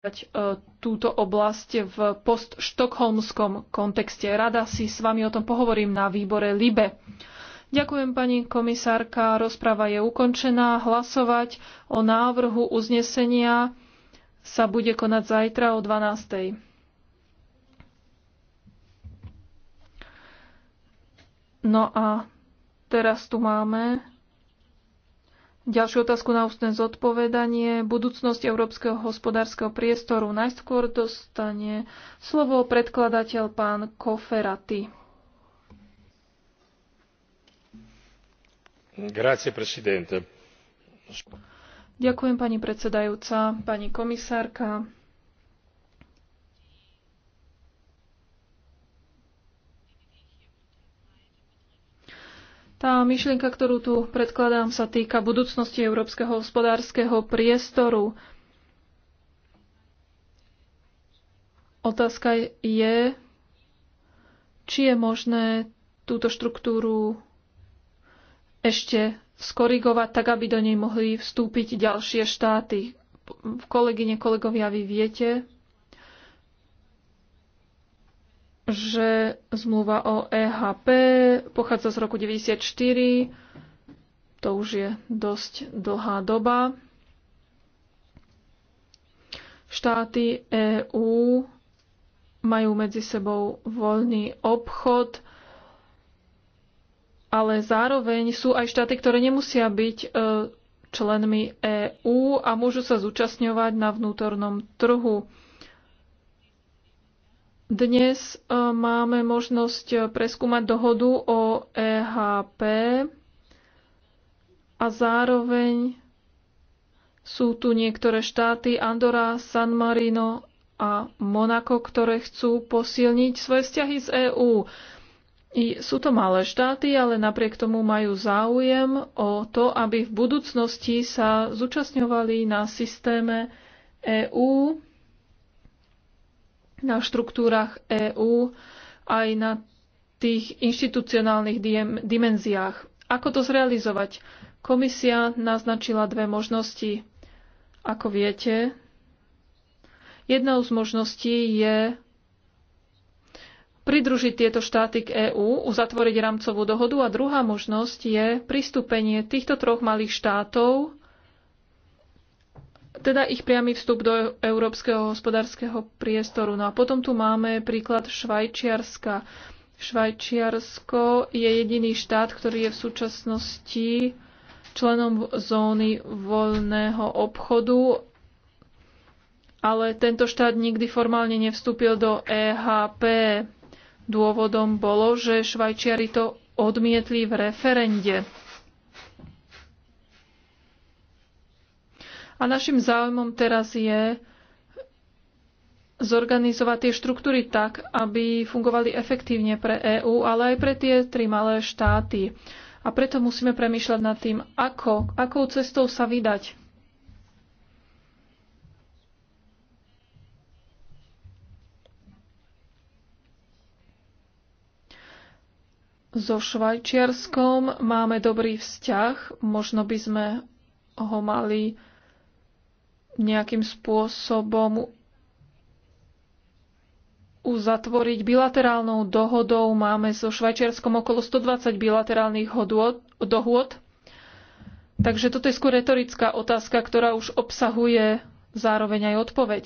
E, túto oblasť v postštokholmskom kontexte. Rada si s vami o tom pohovorím na výbore LIBE. Ďakujem pani komisárka, rozprava je ukončená. Hlasovať o návrhu uznesenia sa bude konať zajtra o 12. No a teraz tu máme Ďalšiu otázku na ústne zodpovedanie. Budúcnosť európskeho hospodárskeho priestoru. Najskôr dostane slovo predkladateľ pán Koferaty. Grazie, presidente. Ďakujem pani predsedajúca, pani komisárka, Tá myšlienka, ktorú tu predkladám, sa týka budúcnosti európskeho hospodárskeho priestoru. Otázka je, či je možné túto štruktúru ešte skorigovať tak, aby do nej mohli vstúpiť ďalšie štáty. Kolegyne, kolegovia, vy viete, že zmluva o EHP pochádza z roku 1994, to už je dosť dlhá doba. Štáty EÚ majú medzi sebou voľný obchod, ale zároveň sú aj štáty, ktoré nemusia byť e, členmi EÚ a môžu sa zúčastňovať na vnútornom trhu. Dnes e, máme možnosť e, preskúmať dohodu o EHP a zároveň sú tu niektoré štáty Andorra, San Marino a Monako, ktoré chcú posilniť svoje vzťahy z EÚ. I sú to malé štáty, ale napriek tomu majú záujem o to, aby v budúcnosti sa zúčastňovali na systéme EÚ na štruktúrach EÚ aj na tých inštitucionálnych dimenziách. Ako to zrealizovať? Komisia naznačila dve možnosti. Ako viete, jednou z možností je pridružiť tieto štáty k EÚ, uzatvoriť rámcovú dohodu a druhá možnosť je pristúpenie týchto troch malých štátov teda ich priamy vstup do európskeho hospodárskeho priestoru. No a potom tu máme príklad Švajčiarska. Švajčiarsko je jediný štát, ktorý je v súčasnosti členom zóny voľného obchodu, ale tento štát nikdy formálne nevstúpil do EHP. Dôvodom bolo, že Švajčiari to odmietli v referende. A našim záujmom teraz je zorganizovať tie štruktúry tak, aby fungovali efektívne pre EÚ, ale aj pre tie tri malé štáty. A preto musíme premýšľať nad tým, ako, akou cestou sa vydať. So Švajčiarskom máme dobrý vzťah, možno by sme ho mali nejakým spôsobom uzatvoriť bilaterálnou dohodou. Máme so Švajčiarskom okolo 120 bilaterálnych dohôd. Takže toto je skôr retorická otázka, ktorá už obsahuje zároveň aj odpoveď.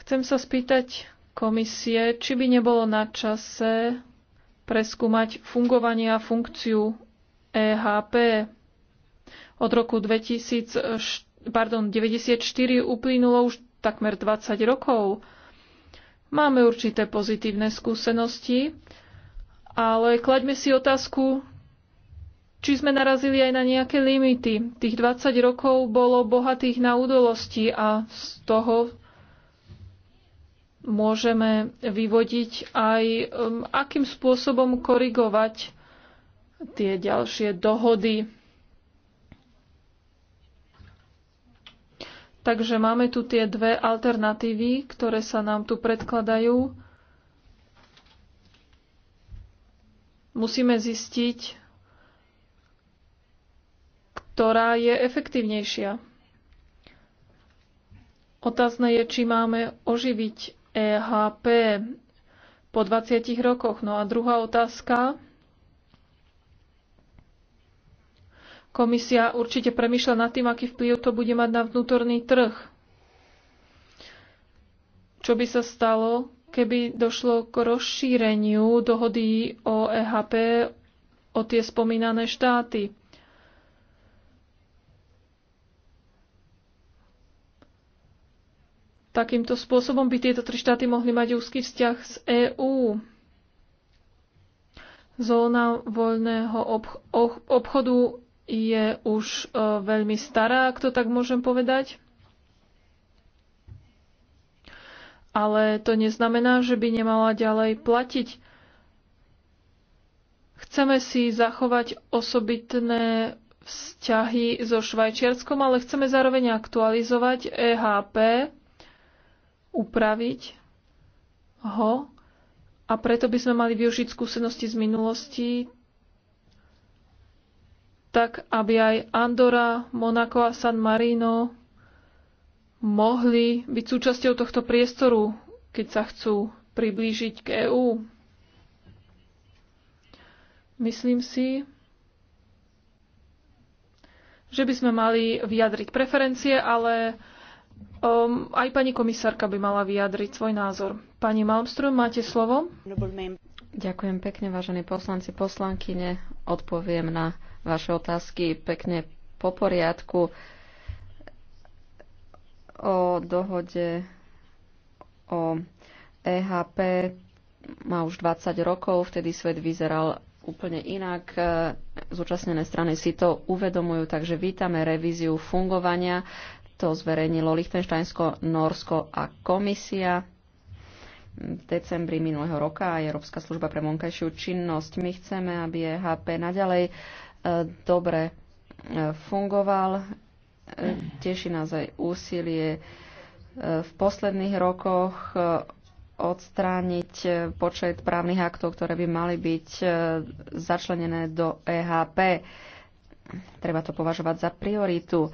Chcem sa spýtať komisie, či by nebolo na čase preskúmať fungovanie a funkciu EHP. Od roku 2004 pardon, 94 uplynulo už takmer 20 rokov. Máme určité pozitívne skúsenosti, ale klaďme si otázku, či sme narazili aj na nejaké limity. Tých 20 rokov bolo bohatých na udolosti a z toho môžeme vyvodiť aj, um, akým spôsobom korigovať tie ďalšie dohody Takže máme tu tie dve alternatívy, ktoré sa nám tu predkladajú. Musíme zistiť, ktorá je efektívnejšia. Otázne je, či máme oživiť EHP po 20 rokoch. No a druhá otázka Komisia určite premýšľa nad tým, aký vplyv to bude mať na vnútorný trh. Čo by sa stalo, keby došlo k rozšíreniu dohody o EHP o tie spomínané štáty? Takýmto spôsobom by tieto tri štáty mohli mať úzky vzťah s EÚ. Zóna voľného obchodu je už e, veľmi stará, ak to tak môžem povedať. Ale to neznamená, že by nemala ďalej platiť. Chceme si zachovať osobitné vzťahy so Švajčiarskom, ale chceme zároveň aktualizovať EHP, upraviť ho a preto by sme mali využiť skúsenosti z minulosti tak aby aj Andora, Monako a San Marino mohli byť súčasťou tohto priestoru, keď sa chcú priblížiť k EÚ. Myslím si, že by sme mali vyjadriť preferencie, ale um, aj pani komisárka by mala vyjadriť svoj názor. Pani Malmström, máte slovo? Ďakujem pekne, vážení poslanci, poslankyne. Odpoviem na vaše otázky pekne po poriadku. O dohode o EHP má už 20 rokov, vtedy svet vyzeral úplne inak. Zúčastnené strany si to uvedomujú, takže vítame revíziu fungovania. To zverejnilo Lichtensteinsko, Norsko a komisia v decembri minulého roka a Európska služba pre vonkajšiu činnosť. My chceme, aby EHP naďalej dobre e, fungoval. E, teší nás aj úsilie e, v posledných rokoch odstrániť počet právnych aktov, ktoré by mali byť začlenené do EHP. Treba to považovať za prioritu.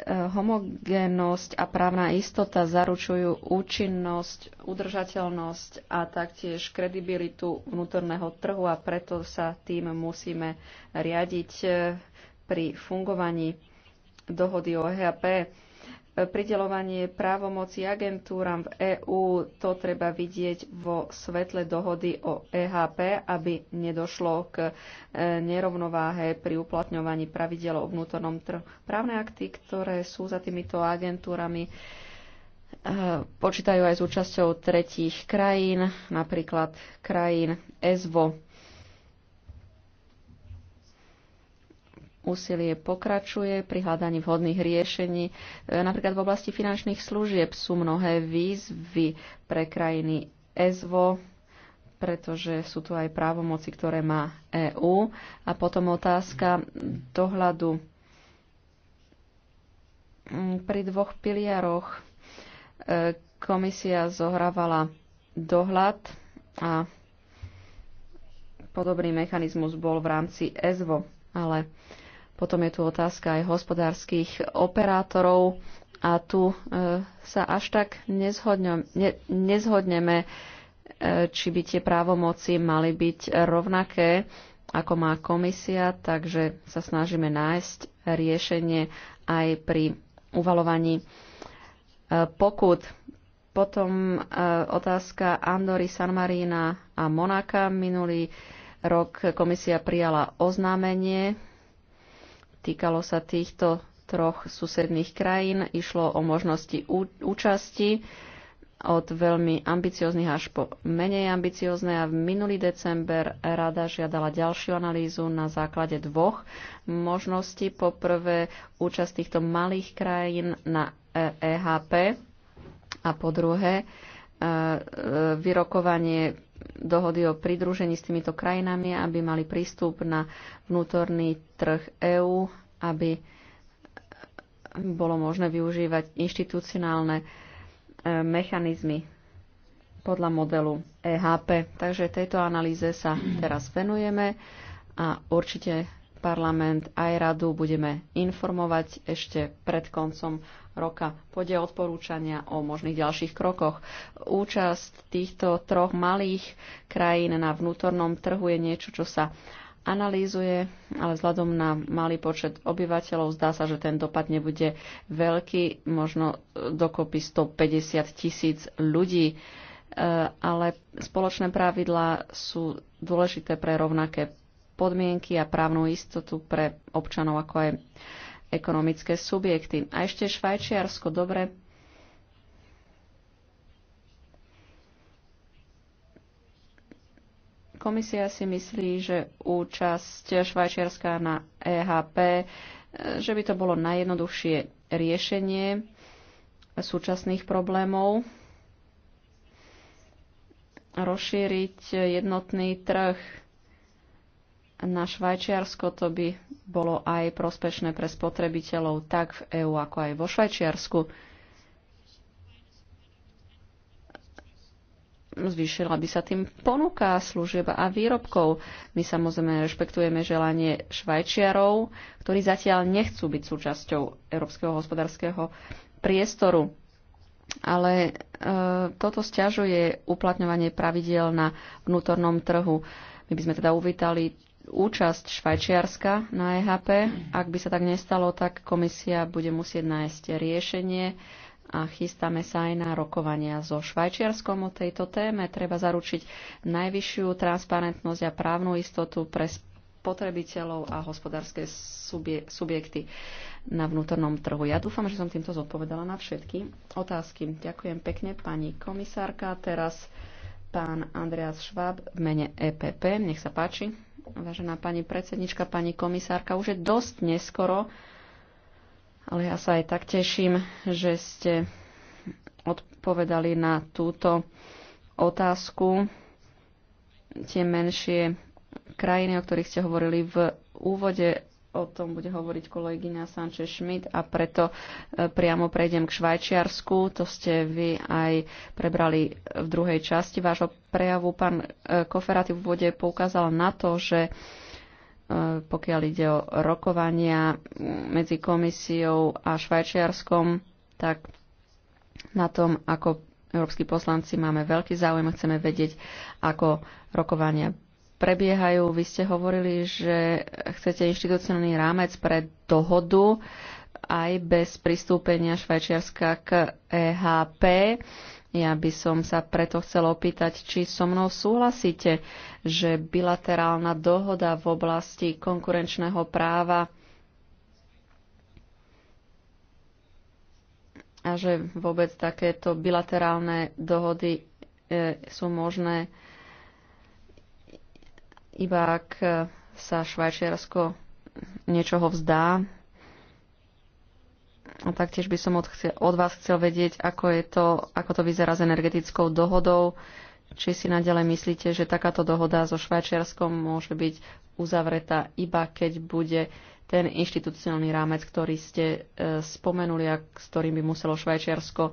E, homogénnosť a právna istota zaručujú účinnosť, udržateľnosť a taktiež kredibilitu vnútorného trhu a preto sa tým musíme riadiť e, pri fungovaní dohody o HAP. E pridelovanie právomoci agentúram v EÚ, to treba vidieť vo svetle dohody o EHP, aby nedošlo k e, nerovnováhe pri uplatňovaní pravidel o vnútornom trhu. Právne akty, ktoré sú za týmito agentúrami, e, počítajú aj s účasťou tretích krajín, napríklad krajín ESVO. úsilie pokračuje pri hľadaní vhodných riešení. E, napríklad v oblasti finančných služieb sú mnohé výzvy pre krajiny EZVO, pretože sú tu aj právomoci, ktoré má EÚ. A potom otázka dohľadu mm, pri dvoch piliaroch. E, komisia zohrávala dohľad a podobný mechanizmus bol v rámci EZVO, ale potom je tu otázka aj hospodárskych operátorov a tu e, sa až tak ne, nezhodneme, e, či by tie právomoci mali byť rovnaké, ako má komisia, takže sa snažíme nájsť riešenie aj pri uvalovaní e, pokut. Potom otázka Andory, San Marína a Monaka. Minulý rok komisia prijala oznámenie Týkalo sa týchto troch susedných krajín. Išlo o možnosti účasti od veľmi ambicioznych až po menej ambiciozne a v minulý december rada žiadala ďalšiu analýzu na základe dvoch možností. Poprvé účasť týchto malých krajín na EHP e a po druhé e, e, vyrokovanie dohody o pridružení s týmito krajinami, aby mali prístup na vnútorný trh EÚ, aby bolo možné využívať inštitucionálne e, mechanizmy podľa modelu EHP. Takže tejto analýze sa teraz venujeme a určite parlament aj radu budeme informovať ešte pred koncom roka. Pôjde odporúčania o možných ďalších krokoch. Účasť týchto troch malých krajín na vnútornom trhu je niečo, čo sa analýzuje, ale vzhľadom na malý počet obyvateľov zdá sa, že ten dopad nebude veľký, možno dokopy 150 tisíc ľudí, e, ale spoločné pravidlá sú dôležité pre rovnaké podmienky a právnu istotu pre občanov, ako aj ekonomické subjekty. A ešte Švajčiarsko, dobre. Komisia si myslí, že účasť Švajčiarska na EHP, e, že by to bolo najjednoduchšie riešenie súčasných problémov rozšíriť jednotný trh na Švajčiarsko, to by bolo aj prospešné pre spotrebiteľov tak v EÚ, ako aj vo Švajčiarsku. Zvýšila by sa tým ponuka služieb a výrobkov. My samozrejme rešpektujeme želanie Švajčiarov, ktorí zatiaľ nechcú byť súčasťou Európskeho hospodárskeho priestoru. Ale e, toto stiažuje uplatňovanie pravidiel na vnútornom trhu. My by sme teda uvítali účasť Švajčiarska na EHP. Ak by sa tak nestalo, tak komisia bude musieť nájsť riešenie a chystáme sa aj na rokovania so Švajčiarskom o tejto téme. Treba zaručiť najvyššiu transparentnosť a právnu istotu pre spotrebiteľov a hospodárske subie- subjekty na vnútornom trhu. Ja dúfam, že som týmto zodpovedala na všetky otázky. Ďakujem pekne pani komisárka. Teraz pán Andreas Schwab v mene EPP. Nech sa páči. Vážená pani predsednička, pani komisárka, už je dosť neskoro, ale ja sa aj tak teším, že ste odpovedali na túto otázku. Tie menšie krajiny, o ktorých ste hovorili v úvode, o tom bude hovoriť kolegyňa Sanchez Schmidt a preto e, priamo prejdem k Švajčiarsku. To ste vy aj prebrali v druhej časti vášho prejavu. Pán e, Koferaty v vode poukázal na to, že e, pokiaľ ide o rokovania medzi komisiou a Švajčiarskom, tak na tom, ako európsky poslanci máme veľký záujem a chceme vedieť, ako rokovania prebiehajú. Vy ste hovorili, že chcete inštitucionálny rámec pre dohodu aj bez pristúpenia Švajčiarska k EHP. Ja by som sa preto chcela opýtať, či so mnou súhlasíte, že bilaterálna dohoda v oblasti konkurenčného práva a že vôbec takéto bilaterálne dohody e, sú možné iba ak e, sa Švajčiarsko niečoho vzdá, a taktiež by som od, od vás chcel vedieť, ako, je to, ako to vyzerá s energetickou dohodou. Či si nadalej myslíte, že takáto dohoda so Švajčiarskom môže byť uzavretá iba keď bude ten inštitucionálny rámec, ktorý ste e, spomenuli a s ktorým by muselo Švajčiarsko e,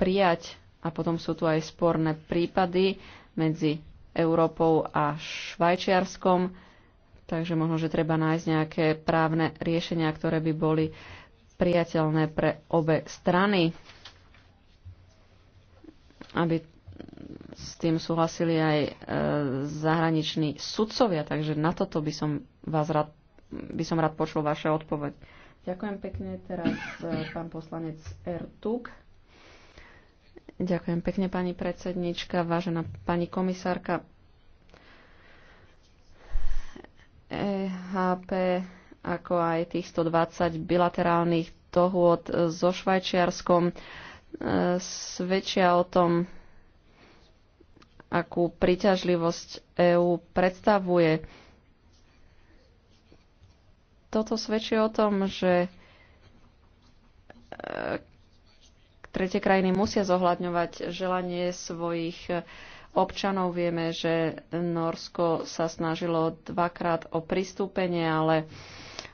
prijať. A potom sú tu aj sporné prípady medzi Európou a Švajčiarskom. Takže možno, že treba nájsť nejaké právne riešenia, ktoré by boli priateľné pre obe strany, aby s tým súhlasili aj e, zahraniční sudcovia. Takže na toto by som, vás rád, by som rád počul vaše odpoveď. Ďakujem pekne. Teraz e, pán poslanec Ertuk. Ďakujem pekne, pani predsednička, vážená pani komisárka. EHP, ako aj tých 120 bilaterálnych dohôd so Švajčiarskom, e, svedčia o tom, akú príťažlivosť EÚ predstavuje. Toto svedčí o tom, že e, tretie krajiny musia zohľadňovať želanie svojich občanov. Vieme, že Norsko sa snažilo dvakrát o pristúpenie, ale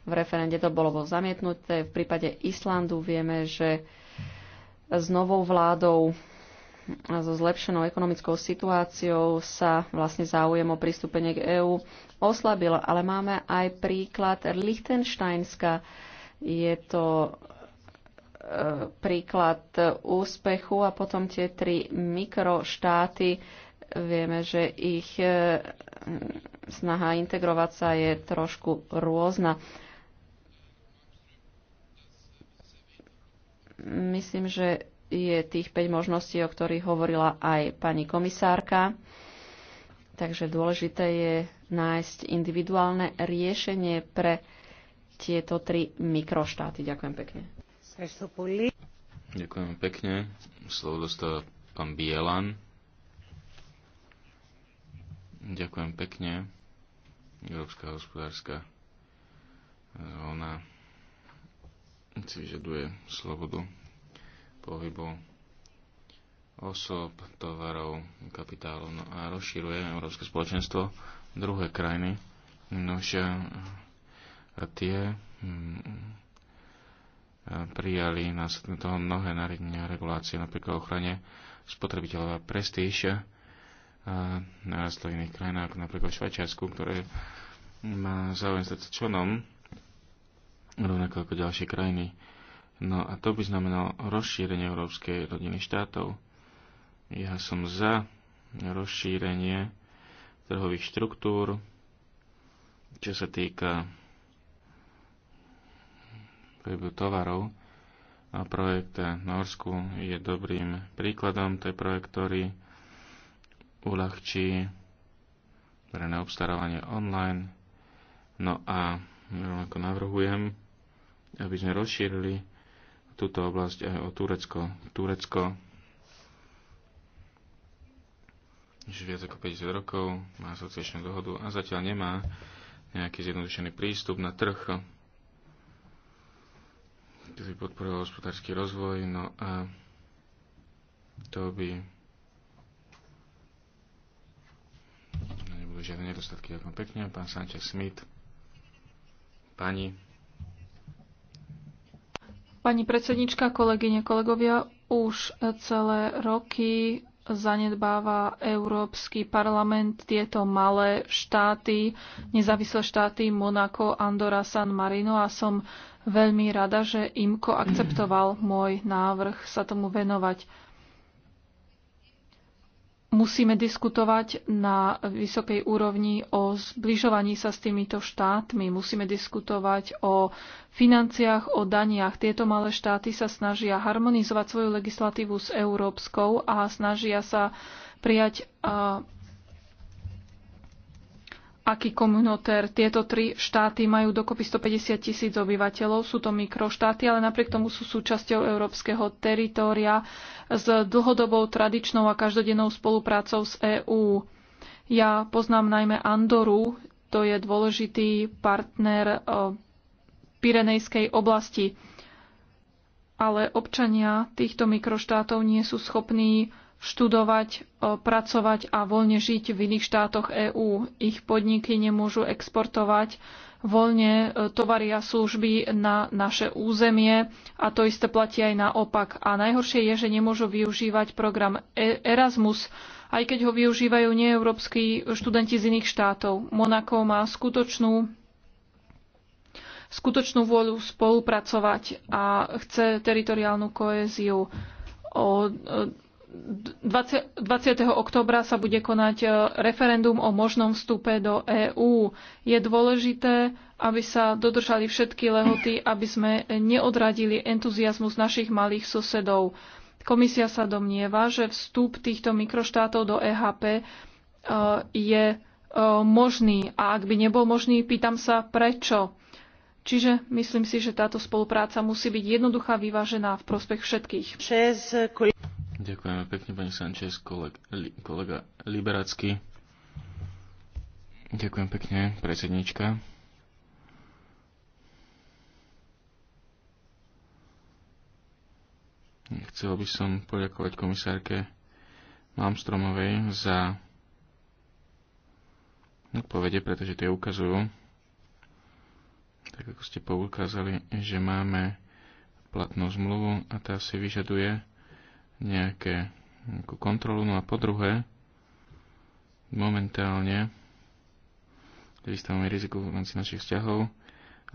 v referende to bolo zamietnuté. V prípade Islandu vieme, že s novou vládou a so zlepšenou ekonomickou situáciou sa vlastne záujem o pristúpenie k EÚ oslabil. Ale máme aj príklad Lichtensteinska. Je to E, príklad úspechu a potom tie tri mikroštáty. Vieme, že ich e, snaha integrovať sa je trošku rôzna. Myslím, že je tých 5 možností, o ktorých hovorila aj pani komisárka. Takže dôležité je nájsť individuálne riešenie pre tieto tri mikroštáty. Ďakujem pekne. Ďakujem pekne. Slovo dostáva pán Bielan. Ďakujem pekne. Európska hospodárska zóna si vyžaduje slobodu pohybu osob, tovarov, kapitálov no a rozširuje Európske spoločenstvo druhé krajiny. Nože tie mm, prijali následne toho mnohé nariadenia a regulácie, napríklad ochrane spotrebiteľov a prestíž na v iných krajinách, ako napríklad Švajčiarsku, ktoré má záujem stať členom, rovnako ako ďalšie krajiny. No a to by znamenalo rozšírenie európskej rodiny štátov. Ja som za rozšírenie trhových štruktúr, čo sa týka pohybu tovarov. A projekt Norsku je dobrým príkladom. To je projekt, ktorý uľahčí verejné obstarávanie online. No a ako navrhujem, aby sme rozšírili túto oblasť aj o Turecko. Turecko už viac ako 50 rokov má asociačnú dohodu a zatiaľ nemá nejaký zjednodušený prístup na trh ktorý podporoval hospodársky rozvoj, no a to by no, nebudú žiadne nedostatky. ako pekne, pán Sanchez Smith, pani. Pani predsednička, kolegyne, kolegovia, už celé roky zanedbáva Európsky parlament tieto malé štáty, nezávislé štáty Monako, Andorra, San Marino a som veľmi rada, že IMKO akceptoval môj návrh sa tomu venovať. Musíme diskutovať na vysokej úrovni o zbližovaní sa s týmito štátmi. Musíme diskutovať o financiách, o daniach. Tieto malé štáty sa snažia harmonizovať svoju legislatívu s európskou a snažia sa prijať aký komunotér. Tieto tri štáty majú dokopy 150 tisíc obyvateľov, sú to mikroštáty, ale napriek tomu sú súčasťou európskeho teritória s dlhodobou tradičnou a každodennou spoluprácou s EÚ. Ja poznám najmä Andoru, to je dôležitý partner e, Pirenejskej oblasti. Ale občania týchto mikroštátov nie sú schopní študovať, e, pracovať a voľne žiť v iných štátoch EÚ. Ich podniky nemôžu exportovať voľne e, tovary a služby na naše územie a to isté platí aj naopak. A najhoršie je, že nemôžu využívať program e- Erasmus, aj keď ho využívajú neeurópsky študenti z iných štátov. Monako má skutočnú skutočnú vôľu spolupracovať a chce teritoriálnu koéziu. O, 20. októbra oktobra sa bude konať e, referendum o možnom vstupe do EÚ. Je dôležité, aby sa dodržali všetky lehoty, aby sme neodradili entuziasmus našich malých susedov. Komisia sa domnieva, že vstup týchto mikroštátov do EHP e, je e, možný a ak by nebol možný, pýtam sa prečo. Čiže myslím si, že táto spolupráca musí byť jednoduchá, vyvážená v prospech všetkých. Ďakujeme pekne, pani Sanchez, kolega, kolega Liberacký. Ďakujem pekne, predsednička. Chcel by som poďakovať komisárke Malmstromovej za odpovede, pretože tie ukazujú, tak ako ste poukázali, že máme platnú zmluvu a tá si vyžaduje nejaké, nejakú kontrolu. No a po druhé, momentálne vystavujeme riziku v rámci našich vzťahov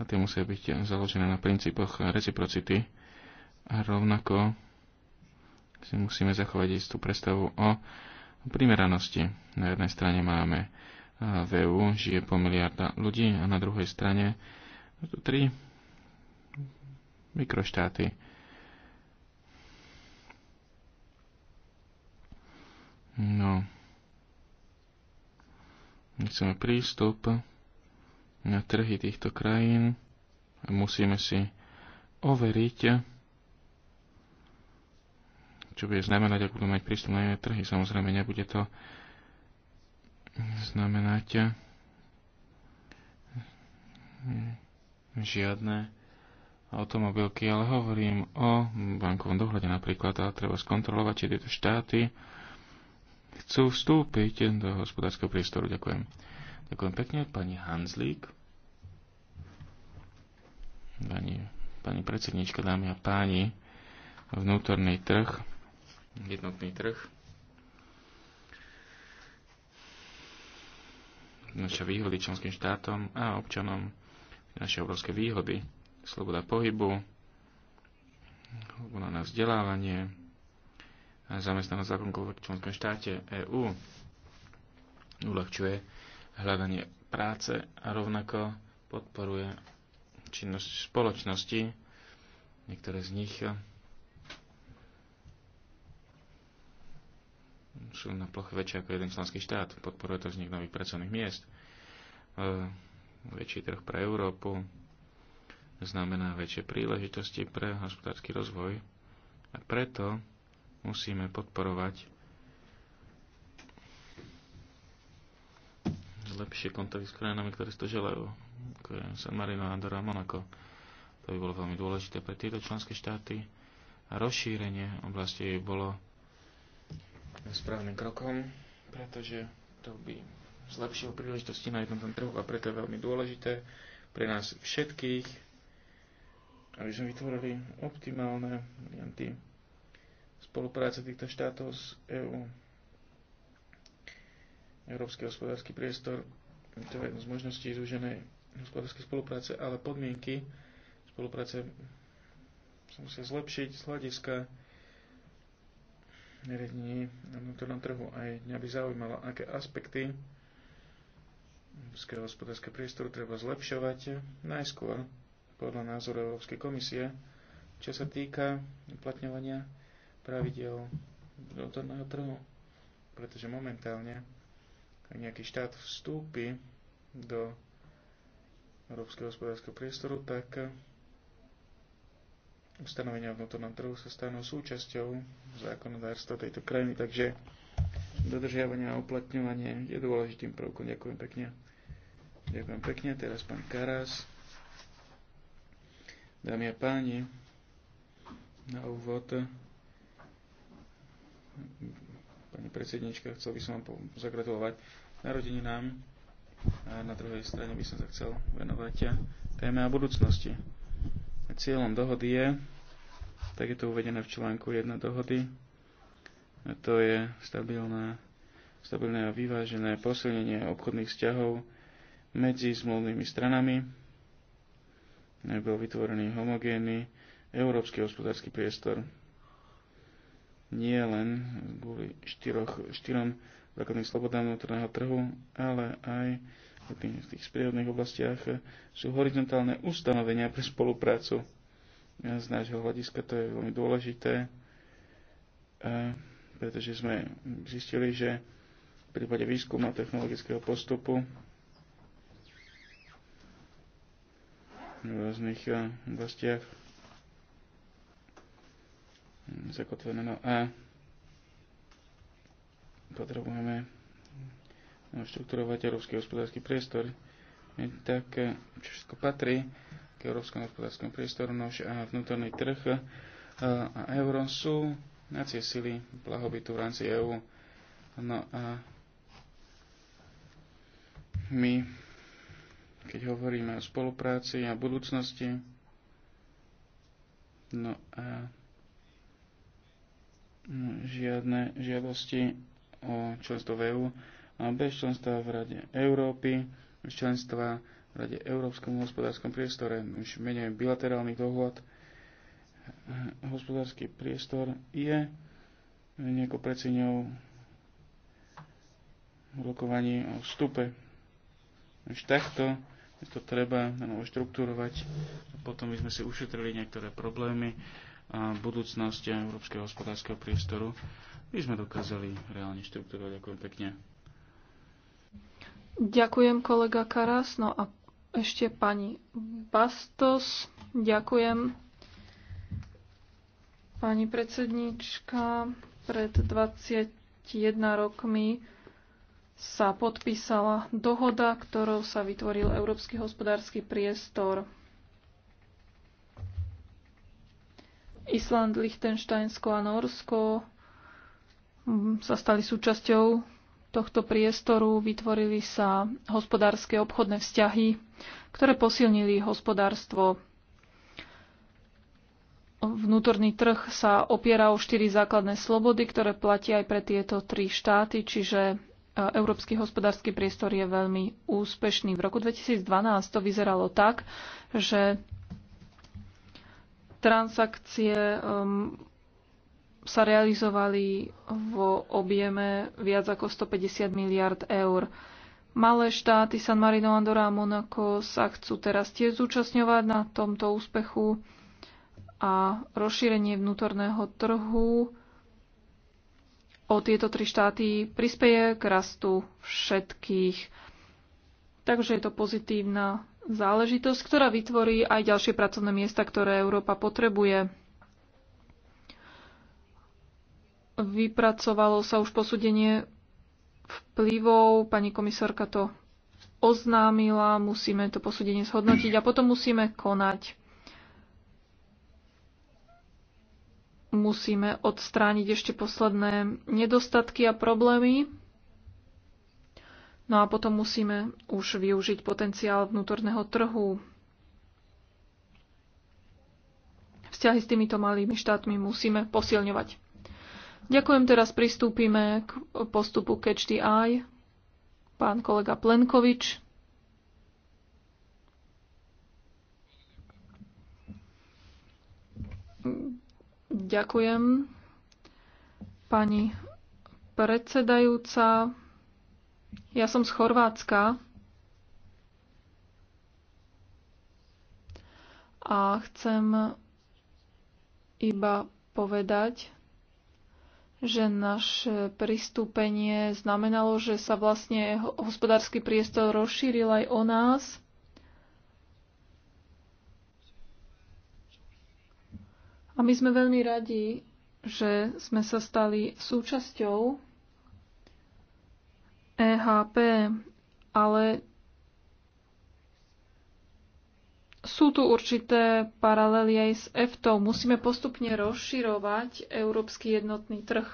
a tie musia byť založené na princípoch reciprocity a rovnako si musíme zachovať istú predstavu o primeranosti. Na jednej strane máme v EU žije pol miliarda ľudí a na druhej strane sú tri mikroštáty. chceme prístup na trhy týchto krajín, musíme si overiť, čo bude znamenať, ak budú mať prístup na iné trhy. Samozrejme, nebude to znamenať žiadne automobilky, ale hovorím o bankovom dohľade napríklad a treba skontrolovať, či tieto štáty chcú vstúpiť do hospodárskeho priestoru. Ďakujem. Ďakujem pekne, pani Hanzlík. Pani, pani predsednička, dámy a páni, vnútorný trh, jednotný trh. Naša výhody členským štátom a občanom, naše obrovské výhody, sloboda pohybu, sloboda na vzdelávanie, zamestnaného zákonkou v členskom štáte EÚ uľahčuje hľadanie práce a rovnako podporuje činnosť spoločnosti. Niektoré z nich sú na ploche väčšie ako jeden členský štát. Podporuje to vznik nových pracovných miest. E, väčší trh pre Európu znamená väčšie príležitosti pre hospodársky rozvoj. A preto musíme podporovať lepšie kontakty s krajinami, ktoré si to želajú, ako je San Marino, Andorra a Monako. To by bolo veľmi dôležité pre tieto členské štáty a rozšírenie oblasti by bolo správnym krokom, pretože to by zlepšilo príležitosti na jednotnom trhu a preto je veľmi dôležité pre nás všetkých, aby sme vytvorili optimálne varianty spolupráca týchto štátov s EÚ. Európsky hospodársky priestor, to je jedna z možností zúženej hospodárskej spolupráce, ale podmienky spolupráce sa musia zlepšiť z hľadiska riadení na vnútornom trhu. Aj mňa by zaujímalo, aké aspekty európskeho hospodárskeho priestoru treba zlepšovať najskôr podľa názoru Európskej komisie, čo sa týka uplatňovania pravidel vnútorného trhu. Pretože momentálne, ak nejaký štát vstúpi do európskeho hospodárskeho priestoru, tak ustanovenia vnútornom trhu sa stanú súčasťou zákonodárstva tejto krajiny, takže dodržiavanie a uplatňovanie je dôležitým prvkom. Ďakujem pekne. Ďakujem pekne. Teraz pán Karas. Dámy a páni, na úvod pani predsednička, chcel by som vám zagratulovať narodeninám a na druhej strane by som sa chcel venovať téme a budúcnosti. Cieľom dohody je, tak je to uvedené v článku 1 dohody, a to je stabilná, stabilné a vyvážené posilnenie obchodných vzťahov medzi zmluvnými stranami, bol vytvorený homogénny európsky hospodársky priestor nie len kvôli štyroch, štyrom základným slobodám vnútorného trhu, ale aj v tých, tých sprievodných oblastiach sú horizontálne ustanovenia pre spoluprácu. Z nášho hľadiska to je veľmi dôležité, e, pretože sme zistili, že v prípade výskumu a technologického postupu v rôznych e, oblastiach Mm, zakotvené. No a potrebujeme štrukturovať európsky hospodársky priestor, hm, tak eh, čo všetko patrí k európskom hospodárskom priestoru, nož a vnútorný trh eh, a euro sú nacie sily blahobytu v rámci EÚ. No a my, keď hovoríme o spolupráci a budúcnosti, no a žiadne žiadosti o členstvo v EÚ bez členstva v Rade Európy, bez členstva v Rade Európskom hospodárskom priestore, už menej bilaterálnych dohľad, Hospodársky priestor je nejako preciňou rokovaní o vstupe. Už takto to treba štruktúrovať. Potom by sme si ušetrili niektoré problémy a budúcnosť európskeho hospodárskeho priestoru by sme dokázali reálne štruktúrovať. Ďakujem pekne. Ďakujem kolega Karas. No a ešte pani Bastos. Ďakujem. Pani predsednička, pred 21 rokmi sa podpísala dohoda, ktorou sa vytvoril Európsky hospodársky priestor Island, Lichtensteinsko a Norsko mm, sa stali súčasťou tohto priestoru, vytvorili sa hospodárske obchodné vzťahy, ktoré posilnili hospodárstvo. Vnútorný trh sa opiera o štyri základné slobody, ktoré platia aj pre tieto tri štáty, čiže e, Európsky hospodársky priestor je veľmi úspešný. V roku 2012 to vyzeralo tak, že Transakcie um, sa realizovali vo objeme viac ako 150 miliard eur. Malé štáty San Marino, Andorra a Monako sa chcú teraz tiež zúčastňovať na tomto úspechu a rozšírenie vnútorného trhu o tieto tri štáty prispieje k rastu všetkých. Takže je to pozitívna záležitosť, ktorá vytvorí aj ďalšie pracovné miesta, ktoré Európa potrebuje. Vypracovalo sa už posúdenie vplyvov, pani komisárka to oznámila, musíme to posúdenie zhodnotiť a potom musíme konať. Musíme odstrániť ešte posledné nedostatky a problémy, No a potom musíme už využiť potenciál vnútorného trhu. Vzťahy s týmito malými štátmi musíme posilňovať. Ďakujem, teraz pristúpime k postupu Catch the Eye. Pán kolega Plenkovič. Ďakujem. Pani predsedajúca, ja som z Chorvátska a chcem iba povedať, že naše pristúpenie znamenalo, že sa vlastne hospodársky priestor rozšíril aj o nás. A my sme veľmi radi, že sme sa stali súčasťou EHP, ale sú tu určité paralely aj s EFTO. Musíme postupne rozširovať európsky jednotný trh.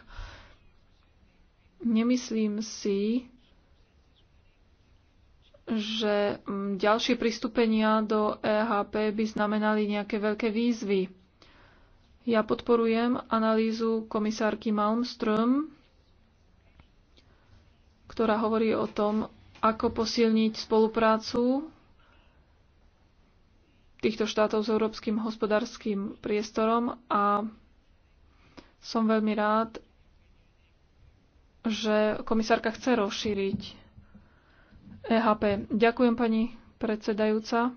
Nemyslím si, že mm, ďalšie pristúpenia do EHP by znamenali nejaké veľké výzvy. Ja podporujem analýzu komisárky Malmström ktorá hovorí o tom, ako posilniť spoluprácu týchto štátov s európskym hospodárským priestorom a som veľmi rád, že komisárka chce rozšíriť EHP. Ďakujem pani predsedajúca.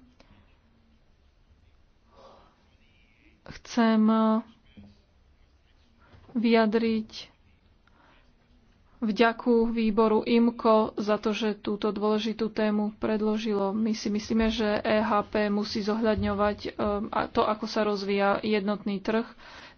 Chcem vyjadriť vďaku výboru IMKO za to, že túto dôležitú tému predložilo. My si myslíme, že EHP musí zohľadňovať e, to, ako sa rozvíja jednotný trh,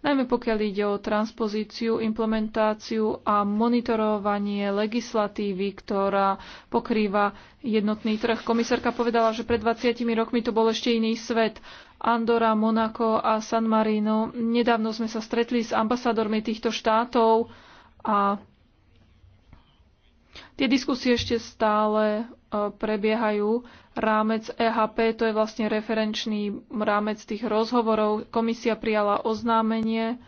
najmä pokiaľ ide o transpozíciu, implementáciu a monitorovanie legislatívy, ktorá pokrýva jednotný trh. Komisárka povedala, že pred 20 rokmi to bol ešte iný svet. Andora, Monako a San Marino. Nedávno sme sa stretli s ambasádormi týchto štátov a Tie diskusie ešte stále e, prebiehajú. Rámec EHP to je vlastne referenčný rámec tých rozhovorov. Komisia prijala oznámenie,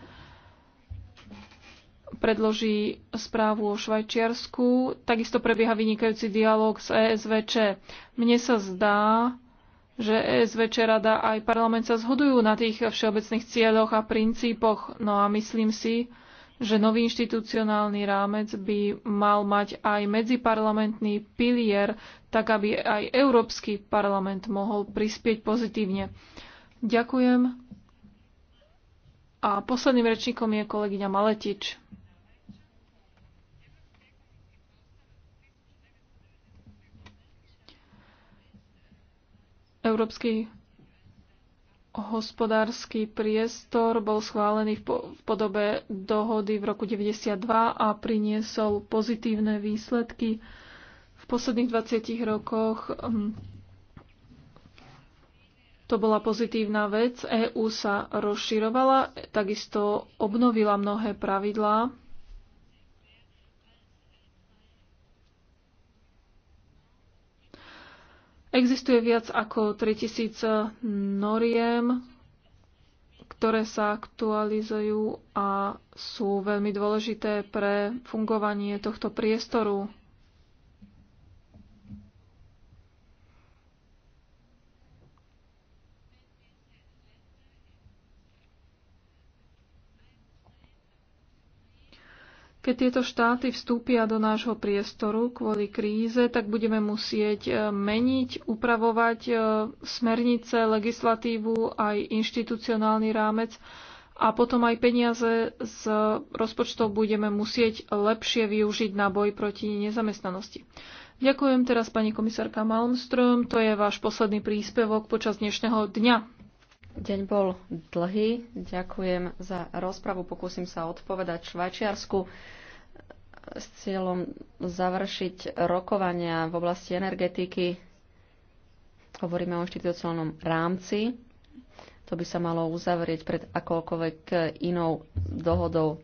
predloží správu o Švajčiarsku. Takisto prebieha vynikajúci dialog s ESVČ. Mne sa zdá, že ESVČ rada aj parlament sa zhodujú na tých všeobecných cieľoch a princípoch. No a myslím si, že nový inštitucionálny rámec by mal mať aj medziparlamentný pilier, tak aby aj Európsky parlament mohol prispieť pozitívne. Ďakujem. A posledným rečníkom je kolegyňa Maletič. Európsky hospodársky priestor bol schválený v podobe dohody v roku 92 a priniesol pozitívne výsledky. V posledných 20 rokoch mm, to bola pozitívna vec. EÚ sa rozširovala, takisto obnovila mnohé pravidlá Existuje viac ako 3000 e, noriem, ktoré sa aktualizujú a sú veľmi dôležité pre fungovanie tohto priestoru Keď tieto štáty vstúpia do nášho priestoru kvôli kríze, tak budeme musieť e, meniť, upravovať e, smernice, legislatívu, aj inštitucionálny rámec a potom aj peniaze z rozpočtov budeme musieť lepšie využiť na boj proti nezamestnanosti. Ďakujem teraz pani komisárka Malmström, to je váš posledný príspevok počas dnešného dňa. Deň bol dlhý. Ďakujem za rozpravu. Pokúsim sa odpovedať Švajčiarsku s cieľom završiť rokovania v oblasti energetiky. Hovoríme o inštitucionálnom rámci. To by sa malo uzavrieť pred akoľkoľvek inou dohodou.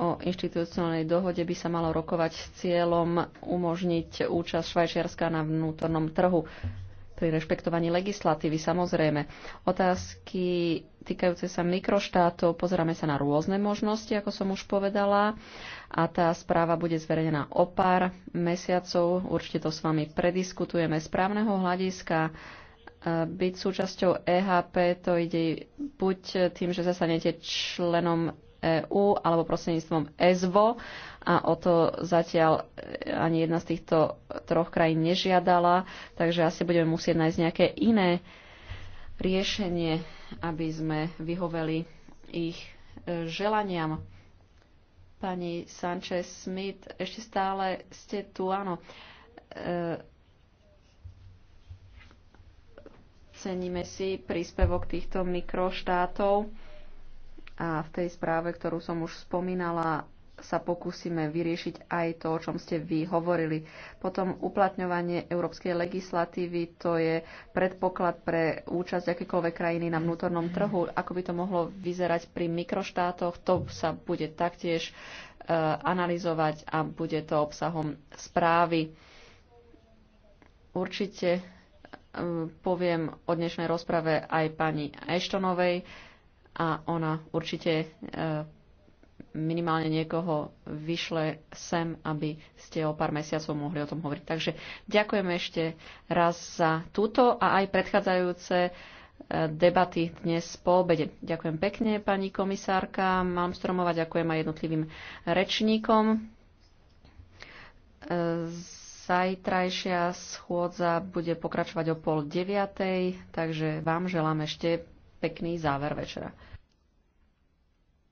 O inštitucionálnej dohode by sa malo rokovať s cieľom umožniť účasť Švajčiarska na vnútornom trhu pri rešpektovaní legislatívy samozrejme. Otázky týkajúce sa mikroštátov, pozeráme sa na rôzne možnosti, ako som už povedala, a tá správa bude zverejnená o pár mesiacov. Určite to s vami prediskutujeme. Z právneho hľadiska e, byť súčasťou EHP, to ide buď tým, že zasanete členom EU alebo prostredníctvom ESVO a o to zatiaľ e, ani jedna z týchto troch krajín nežiadala, takže asi budeme musieť nájsť nejaké iné riešenie, aby sme vyhoveli ich e, želaniam. Pani Sanchez-Smith, ešte stále ste tu, áno. E, ceníme si príspevok týchto mikroštátov a v tej správe, ktorú som už spomínala, sa pokúsime vyriešiť aj to, o čom ste vy hovorili. Potom uplatňovanie európskej legislatívy, to je predpoklad pre účasť akékoľvek krajiny na vnútornom trhu. Ako by to mohlo vyzerať pri mikroštátoch, to sa bude taktiež e, analyzovať a bude to obsahom správy. Určite e, poviem o dnešnej rozprave aj pani Eštonovej a ona určite e, minimálne niekoho vyšle sem, aby ste o pár mesiacov mohli o tom hovoriť. Takže ďakujem ešte raz za túto a aj predchádzajúce e, debaty dnes po obede. Ďakujem pekne pani komisárka Malmstromova, ďakujem aj jednotlivým rečníkom. E, zajtrajšia schôdza bude pokračovať o pol deviatej, takže vám želám ešte pekný záver večera.